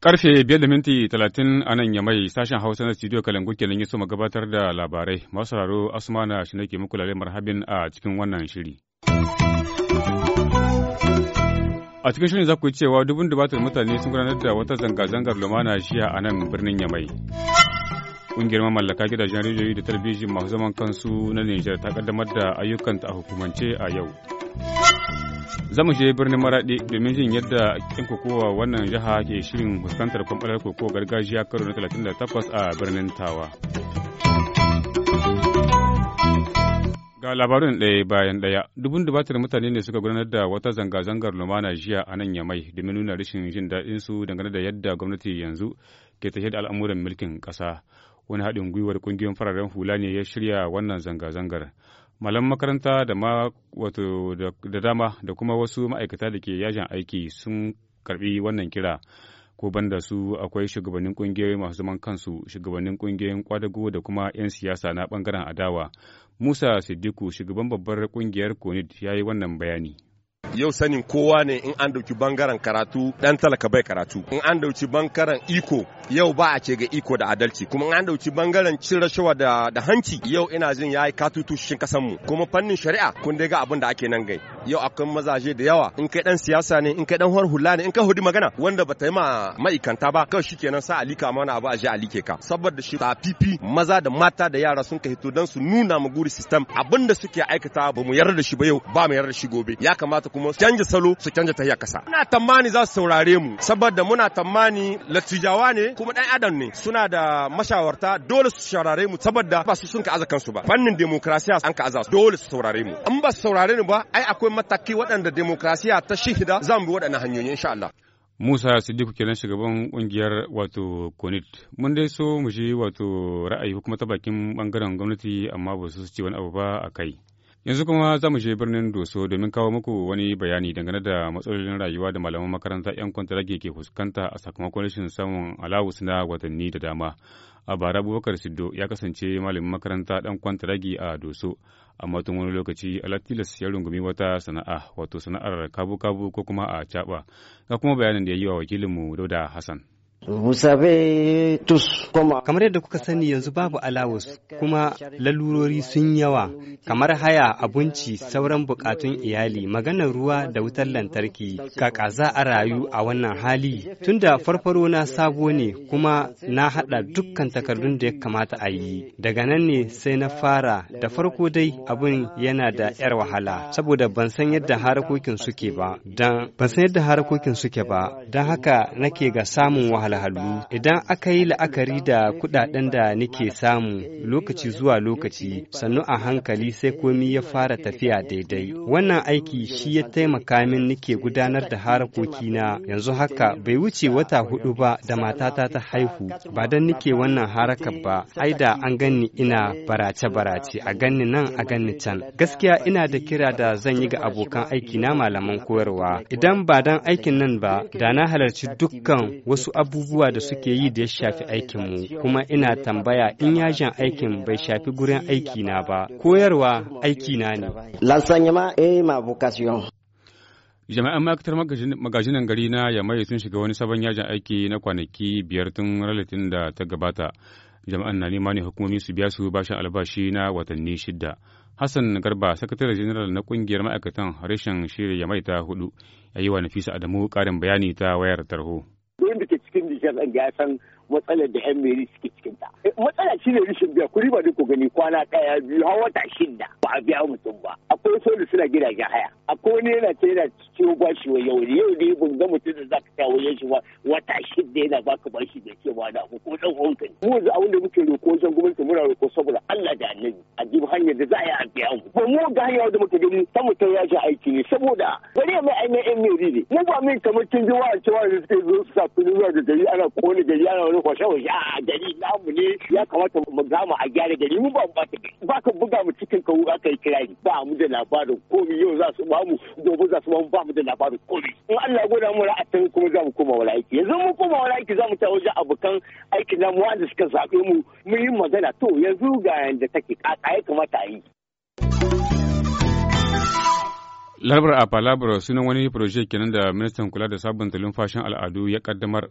Karfe biyar da minti talatin a nan yamai sashen Hausa na studio Kalangu kenan ya soma gabatar da labarai. Masu sauraro Asmana shi nake muku lalai marhabin a cikin wannan shiri. A cikin shirin za ku yi cewa dubun dubatar mutane sun gudanar da wata zanga-zangar lumana shiya a nan birnin Yamai. kungiyar mamallaka gidajen rediyoyi da talabijin masu zaman kansu na Nijar ta kaddamar da ayyukanta a hukumance a yau. zamu je birnin Maraɗi domin jin yadda kin kokowa wannan jiha ke shirin fuskantar kwamfalar kokowa gargajiya karo na 38 a birnin Tawa. Ga labarin ɗaya bayan ɗaya, dubun dubatar mutane ne suka gudanar da wata zanga-zangar lumana jiya a nan Yamai domin nuna rashin jin daɗinsu dangane da yadda gwamnati yanzu ke tashe da al'amuran mulkin ƙasa. wani haɗin gwiwar ƙungiyoyin fararen hula ne ya shirya wannan zanga-zangar malam makaranta da ma wato da dama da kuma wasu ma'aikata da ke yajin aiki sun karbi wannan kira ko banda su akwai shugabannin ƙungiyoyi masu zaman kansu shugabannin ƙungiyoyin kwadago da kuma 'yan siyasa na bangaren adawa musa siddiku shugaban babbar ƙungiyar konid ya yi wannan bayani yau sanin kowa ne in an dauki bangaren karatu dan talaka bai karatu in an dauki bangaren iko yau ba a ce ga iko da adalci kuma in an dauki bangaren cin rashawa da, da hanci yau ina jin yayi katutu shi kasan mu kuma fannin shari'a kun dai ga abin da ake nan gai yau akwai mazaje da yawa in kai dan siyasa ne in kai dan har hula ne in ka hudi magana wanda bata yi ma ma'aikanta ba kawai shikenan sa alika mana abu a je alike ka saboda shi tafifi maza da mata da yara sun ka hito dan su nuna mu guri system abinda suke aikata ba mu yarda da shi ba yau ba mu yarda da shi gobe ya kamata kuma kuma su canja salo su canja tahiya kasa muna tamani za su saurare mu saboda muna tamani latijawa ne kuma dan adam ne suna da mashawarta dole su saurare mu saboda ba su sun ka aza kansu ba fannin demokrasiya an ka aza dole su saurare mu an ba su saurare ni ba ai akwai mataki waɗanda demokrasiya ta shihida zan bi waɗannan hanyoyi insha Allah Musa ke kenan shugaban kungiyar wato Konit. Mun dai so mu shi wato ra'ayi kuma ta bakin bangaren gwamnati amma ba su ce wani abu ba a kai. Yanzu kuma za mu je birnin Doso domin kawo muku wani bayani dangane da matsalolin rayuwa da malaman makaranta 'yan kwantarage ke fuskanta a sakamakon rashin samun alawus na watanni da dama. A bara Abubakar Siddo ya kasance malamin makaranta dan kwantarage a Doso, amma tun wani lokaci Alatilas ya rungumi wata sana'a, wato sana'ar kabu-kabu ko kuma a caɓa. Ga kuma bayanin da ya yi wa wakilinmu Dauda Hassan. Kamar yadda kuka sani yanzu babu alawus kuma lalurori sun yawa kamar haya abinci sauran bukatun iyali maganar ruwa da wutar lantarki kaka za a rayu a wannan hali tunda farfaro na sabo ne kuma na hada dukkan takardun da ya kamata a yi daga nan ne sai na fara da farko dai abin yana da yar wahala saboda ban san yadda harakokin suke ba ba don haka nake ga samun wahala wahalhalu idan aka yi la'akari da kudaden da nake samu lokaci zuwa lokaci sannu a hankali sai komi ya fara tafiya daidai wannan aiki shi ya taimaka min nake gudanar da harakokina yanzu haka bai wuce wata hudu ba da matata ta haihu ba don nake wannan harakar ba ai da an ganni ina barace barace a ganni nan a ganni can gaskiya ina da kira da zan yi ga abokan aiki na malaman koyarwa idan ba dan aikin nan ba da na halarci dukkan wasu abubuwa abubuwa da suke yi da ya shafi aikinmu kuma ina tambaya in yajin aikin bai shafi gurin aikina ba koyarwa aikina ne jami'an ma'aikatar magajinan gari na yamai sun shiga wani sabon yajin aiki na kwanaki biyar tun ralatin da ta gabata jama'an na nema ne hukumomi su biya su bashin albashi na watanni shida hassan garba sakataren general na kungiyar ma'aikatan harshen shirya yamai ta hudu ya yi wa nafisa adamu karin bayani ta wayar tarho Duk da cikin Nijar ɗan ya san matsalar da 'yan meri suke cikin ta. Eh, matsala shi ne rishin biya, kuri ba ne ku gani kwana ɗaya biyu har wata shida ba a biya mutum ba. Akwai solu suna gidajen haya. Akwai wani yana ta yana ciwo bashi wa yau ne yau ne ban ga mutum da za ka kawo yan shi wata shida yana ba ka bashi da ke ba da ko ɗan hankali. Mu yanzu abin da muke roƙo wajen gwamnati muna roƙo saboda Allah da annabi a jibi hanyar da za a yi a biya mu. Ba mu ga hanyar da muke gani ta mutum ya ji aiki ne saboda gari mai ainihin yan ri ne mu ba min kamar kin ji wa'ance da suke zo su sa kudi zuwa da gari ana kone gari ana wani kwashe kwashe a gari namu ne ya kamata mu gama a gyara gari mu ba mu ba ba ka buga mu cikin ka wuka kai kirari ba mu da labarin komi yau za su ba mu gobe za su ba mu ba mu da labarin komi in Allah gona mu ra'atin kuma za mu koma wala aiki yanzu mu koma wala aiki za mu ta wajen abokan aikin namu wanda suka zaɓe mu mu yi magana to yanzu ga yanda take kaka ya kamata a yi. Larabar a Palabra sunan wani proje kenan da ministan kula da sabunta lumfashin al'adu ya kaddamar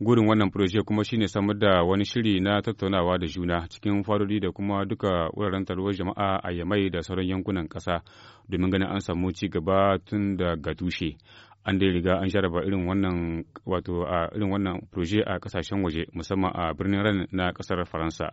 gurin wannan proje kuma shine samar da wani shiri na tattaunawa da juna cikin fadodi da kuma duka wuraren taruwar jama'a a yamai da sauran yankunan kasa domin ganin an samu ci gaba tun daga tushe an dai riga an sharaba irin wannan wato a irin wannan proje a kasashen waje musamman a birnin ran na kasar faransa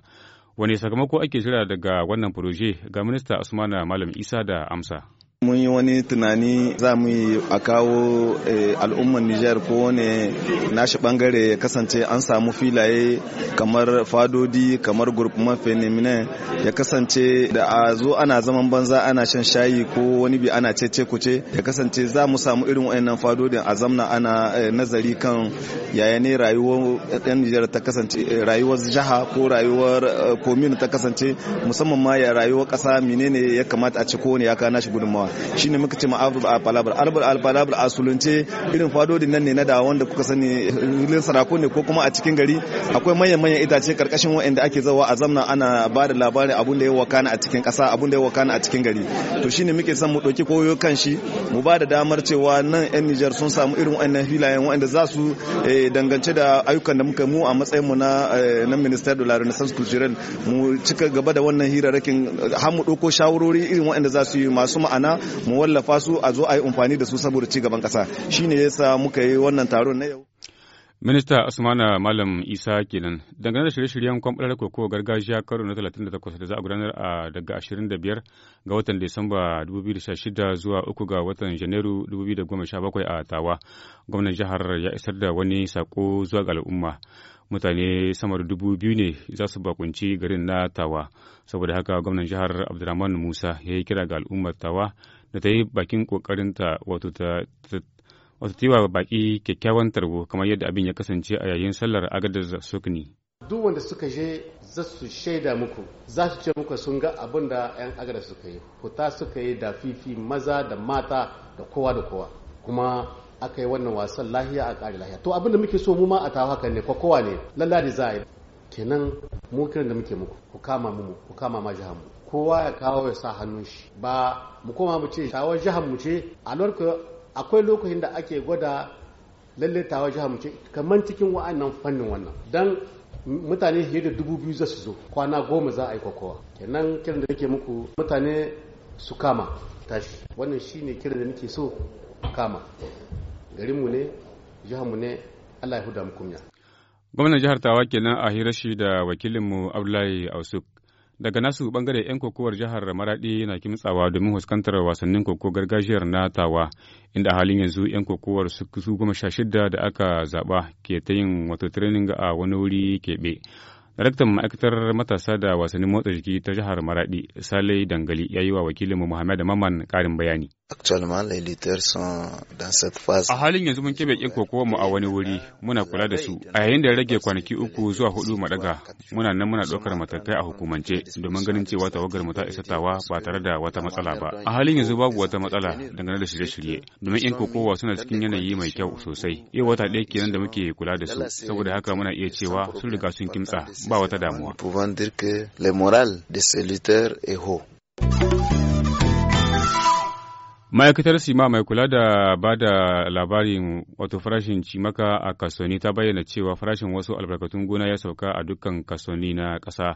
wani sakamako ake jira daga wannan proje ga minista usmana malam isa da amsa mun yi wani tunani za mu yi a kawo eh, al'ummar Nijar ko wani nashi bangare ya kasance an samu filaye kamar fadodi kamar mafi fenemine ya kasance da a zo ana zaman banza ana shan shayi ko wani bi ana cece kuce ya kasance za mu samu irin wayannan fadodin a zamna ana eh, nazari kan yaya ne rayuwar yan Nijar ta kasance eh, rayuwar jiha ko rayuwar komin ta kasance musamman ma ya rayuwar kasa menene ya kamata a ci kowane ya kana shi gudunmawa shine muka ce ma'arub al palabar arbul al palabar a sulunce irin fadodin nan ne na da wanda kuka sani eh, sarako ne ko kuma a cikin gari akwai manyan manyan itace karkashin waɗanda ake zawa a zamna ana ba da labarin abun da ya wakana a cikin ƙasa abun da ya wakana a cikin gari to shine muke son mu ɗauki koyo kan shi mu ba da damar cewa nan 'yan Nijar sun samu irin waɗannan filayen waɗanda za su eh, dangance da ayyukan da muka mu a matsayin mu na eh, na minister da larin sans mu cika gaba da wannan hirarrakin har mu ɗauko shawarori irin waɗanda za su yi masu ma'ana mu wallafa su a zo a yi amfani da su saboda ci gaban ƙasa shine yasa muka yi wannan taron na yau Minista Usmana Malam Isa kenan dangane da shirye-shiryen da koko gargajiya karo na 38 da za a gudanar a daga 25 ga watan Disamba 2016 zuwa 3 ga watan Janairu 2017 a Tawa. Gwamnan jihar ya isar da wani sako zuwa ga al'umma. mutane sama da dubu biyu ne za su bakunci garin na tawa saboda haka gwamnan jihar abdulrahman musa ya yi kira ga al'ummar tawa da ta yi bakin kokarinta wato ta wato wa baki kyakkyawan tarbo kamar yadda abin ya kasance a yayin sallar agadar sukni duk wanda suka je za su shaida muku za su ce muku sun ga abin da 'yan agadar suka yi kuta suka yi da fifi maza da mata da kowa da kowa kuma aka yi wannan wasan lahiya a ƙari lahiya to abinda muke so mu ma a tawo haka ne kokowa ne lalla za a yi kenan mu kiran da muke muku ku kama mu ku kama ma jihar mu kowa ya kawo ya sa hannun shi ba mu koma mu ce tawar jihar mu ce a lokacin akwai lokacin da ake gwada lalle tawar jihar mu ce kamar cikin wa'annan fannin wannan dan mutane fiye da dubu biyu za su zo kwana goma za a yi kokowa kenan kiran da nake muku mutane su kama tashi wannan shine kiran da muke so kama garinmu ne mu ne allah ya huda kunya gwamnan jihar tawa kenan a hirashi da wakilinmu abdullahi ausuk daga nasu bangare 'yan kokowar jihar maradi na kimtsawa domin fuskantar wasannin koko gargajiyar na tawa inda halin yanzu 'yan kokowar su goma sha shida da aka zaba ke ta yin wato training a wani wuri keɓe daraktan ma'aikatar matasa da wasannin motsa jiki ta jihar maradi salai dangali ya yi wa wakilinmu muhammad maman karin bayani A halin yanzu mun kebe kin kokowa mu a wani wuri muna kula da su a yayin da rage kwanaki uku zuwa hudu mu daga muna nan muna ɗaukar matakai a hukumance domin ganin cewa tawagar mu ta isa tawa ba tare da wata matsala ba. A halin yanzu babu wata matsala dangane da shirye-shirye domin yan kokowa suna cikin yanayi mai kyau sosai. Yau wata ɗaya kenan da muke kula da su saboda haka muna iya cewa sun riga sun kimtsa ba wata damuwa. ma'aikatar sima mai kula da ba da labarin wato farashin cimaka a kasoni ta bayyana cewa farashin wasu albarkatun gona ya sauka a dukkan kasoni na ƙasa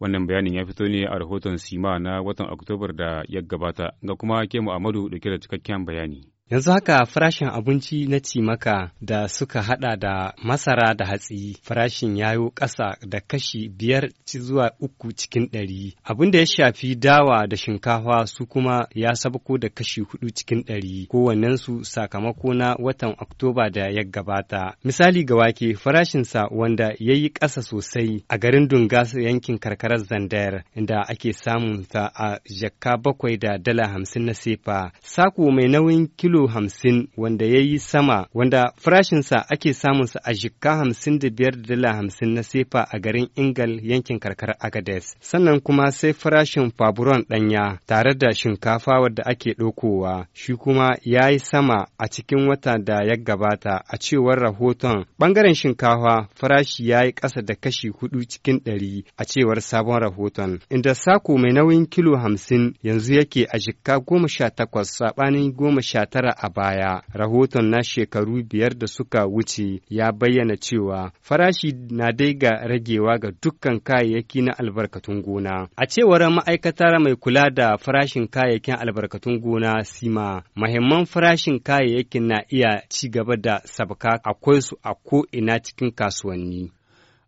wannan bayanin ya fito ne a rahoton sima na watan oktobar da ya gabata ga kuma ke mu'amadu da da cikakken bayani Yanzu haka farashin abinci na cimaka da suka hada da masara da hatsi farashin yayo ƙasa da kashi biyar zuwa uku cikin ɗari. Abin da ya shafi dawa da shinkafa su kuma ya sabko da kashi hudu cikin ɗari kowannensu sakamako na watan Oktoba da ya gabata. Misali ga wake farashinsa wanda ya yi ƙasa sosai a garin Dungas yankin karkarar Zandayar inda ake samunsa a jaka bakwai da dala hamsin na sefa. Sako mai nauyin kilo kilo hamsin wanda ya yi sama wanda farashinsa ake samunsa a jikka hamsin da biyar da dala hamsin na sefa a garin Ingal yankin karkar Agades. Sannan kuma sai farashin faburon ɗanya tare da shinkafa wadda ake ɗaukowa shi kuma ya yi sama a cikin wata da ya gabata a cewar rahoton ɓangaren shinkafa farashi ya yi ƙasa da kashi hudu cikin ɗari a cewar sabon rahoton inda sako mai nauyin kilo hamsin yanzu yake a jikka goma sha takwas saɓanin goma sha tara shekara a baya. Rahoton na shekaru biyar da suka wuce ya bayyana cewa farashi na dai ga ragewa ga dukkan kayayyaki na albarkatun gona. A cewar ma'aikatar mai kula da farashin kayayyakin albarkatun gona Sima, mahimman farashin kayayyakin na iya ci gaba da sabka akwai su a ko ina cikin kasuwanni.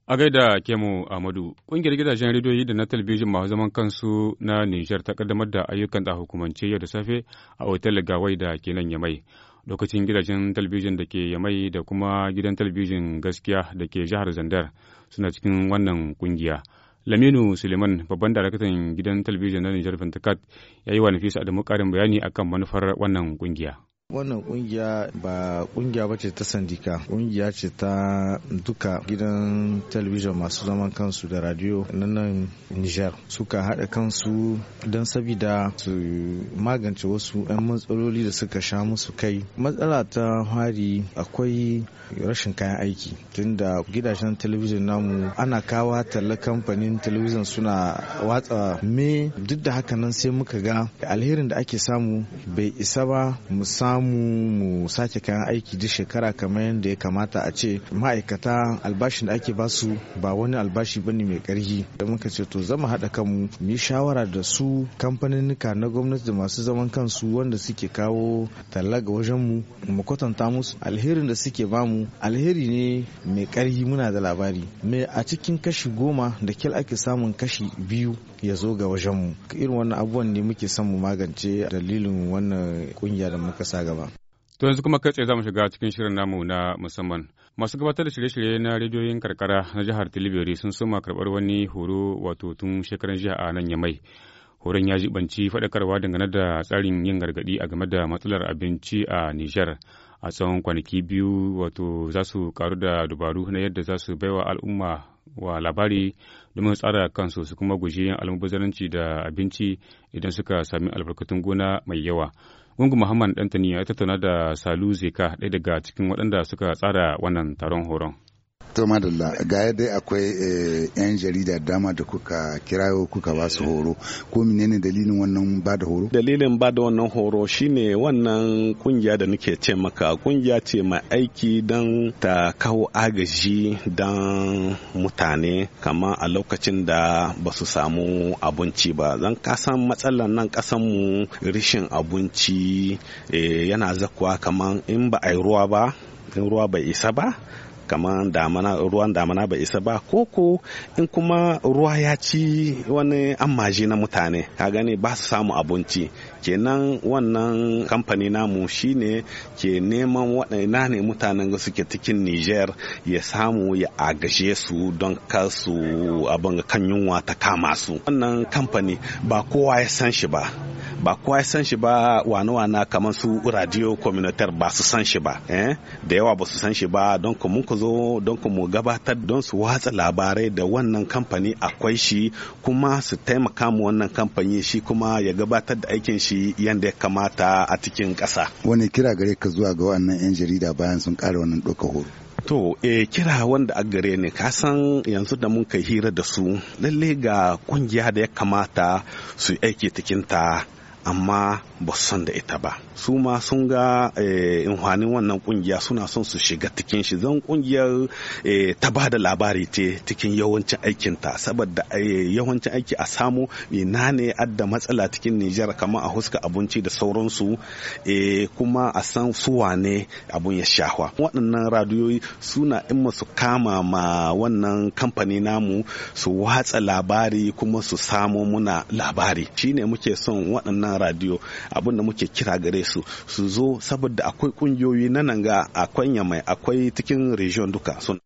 A gaida Kemu amadu ƙungiyar gidajen rediyoyi da na talbijin masu zaman kansu na Nijar ta kaddamar da ayyukan da hukumance yau da safe a otel Gawai da ke nan Yamai. Lokacin gidajen talbijin da ke Yamai da kuma gidan talbijin gaskiya da ke jihar Zandar suna cikin wannan ƙungiya. Laminu Suleiman, babban daraktan gidan talbijin na Nijar Fentakat, ya yi wa Nafisa Adamu ƙarin bayani akan manufar wannan ƙungiya. wannan kungiya ba kungiya ba ce ta sandika kungiya ce ta duka gidan talabijin masu zaman kansu da radio na nan niger suka haɗa kansu don sabida su magance wasu 'yan matsaloli da suka sha musu kai matsala ta hari akwai rashin kayan aiki tunda gidajen talabijin namu ana kawa talla kamfanin talabijin suna watsa me duk da haka nan sai muka ga alherin da ake samu bai isa ba mu samu samu mu sake kayan aiki duk shekara kamar yadda ya kamata a ce ma'aikata albashin da ake basu ba wani albashi ba ne mai karhi da muka ce to zama haɗa kanmu mu yi shawara da su kamfaninnika na gwamnati da masu zaman kansu wanda suke kawo talla ga wajen mu mu kwatanta musu alherin da suke bamu alheri ne mai karhi muna da labari me a cikin kashi goma da kyal ake samun kashi biyu ya zo ga wajen mu irin wannan abubuwan ne muke son mu magance dalilin wannan kungiya da muka sa gaba. To yanzu kuma kai tsaye za mu shiga cikin shirin namu na musamman. Masu gabatar da shirye-shirye na rediyoyin karkara na jihar Tilibiri sun soma karɓar wani horo wato tun shekaran jiya a nan Yamai. Horon ya jibanci faɗakarwa dangane da tsarin yin gargaɗi a game da matsalar abinci a Nijar. A tsawon kwanaki biyu wato za su karu da dubaru na yadda za su baiwa al'umma wa labari domin tsara kansu su kuma guji yin almubazaranci da abinci idan suka sami albarkatun gona mai yawa. Gungun Muhammad Dantani ya tattauna da Salu Zeka ɗaya daga cikin waɗanda suka tsara wannan taron horon. to madalla ga dai akwai eh, yan jarida dama da kuka kirayo kuka ba su horo ko menene dalilin wannan ba da horo dalilin ba da wannan horo shine wannan kungiya da nake ce maka kungiya ce mai aiki don ta kawo agaji don mutane kama a lokacin da ba su samu abinci ba zan kasan matsalar nan kasan mu rishin abinci eh, yana zakuwa kaman in ba a yi ruwa ba in ruwa bai isa ba kamar damana ruwan damana bai isa ba koko in kuma ruwa ya ci wani ammaji na mutane ka gane ba su samu abinci kenan wannan kamfani namu shine ke neman waɗanda ne mutanen da suke cikin niger ya samu ya agashe su don kasu abin kan yunwa ta kama su wannan kamfani ba kowa ya san shi ba ba kowa ya san shi ba wana-wana kamar su radio communautaire ba su san shi ba eh? da yawa ba su san shi ba don ku mun ku zo don ku mu gabatar don su watsa labarai da wannan kamfani akwai shi kuma su taimaka mu wannan kamfani shi kuma ya gabatar da aikin shi yadda ya kamata a cikin ƙasa wani kira gare ka zuwa ga wannan 'yan jarida bayan sun ƙara wannan doka horo To, e, kira wanda a gare ne, ka san yanzu da mun kai hira da su, lalle ga kungiya da ya kamata su aiki tikinta amma ba san da ita ba su ma sun ga inhwanin eh, wannan kungiya suna son su shiga cikin shi zan kungiyar eh, ta ba da labari ce cikin yawancin aikinta saboda eh, yawancin aiki a samu ina ne adda matsala cikin Nijar kamar a huska abinci da sauransu kuma a san suwa ne abun ya shahwa waɗannan radiyoyi suna in su kama ma wannan kamfani namu su watsa labari kuma su samu muna labari shine muke son waɗannan radiyo abin da muke kira gare su su zo saboda akwai kungiyoyi na nan ga akwai yamai akwai cikin region duka sun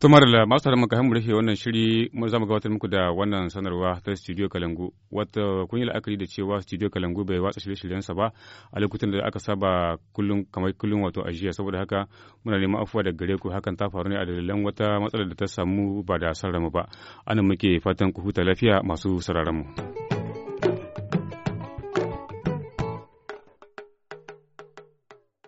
tumar da masu tarin muka hamu rufe wannan shiri mun zama gabatar muku da wannan sanarwa ta studio kalangu wata kun yi la'akari da cewa studio kalangu bai watsa shirye-shiryensa ba a lokutan da aka saba kullum kamar kullum wato a jiya saboda haka muna neman afuwa da gare ku hakan ta faru ne a dalilan wata matsalar da ta samu ba da sarrama ba anan muke fatan ku huta lafiya masu sararan mu.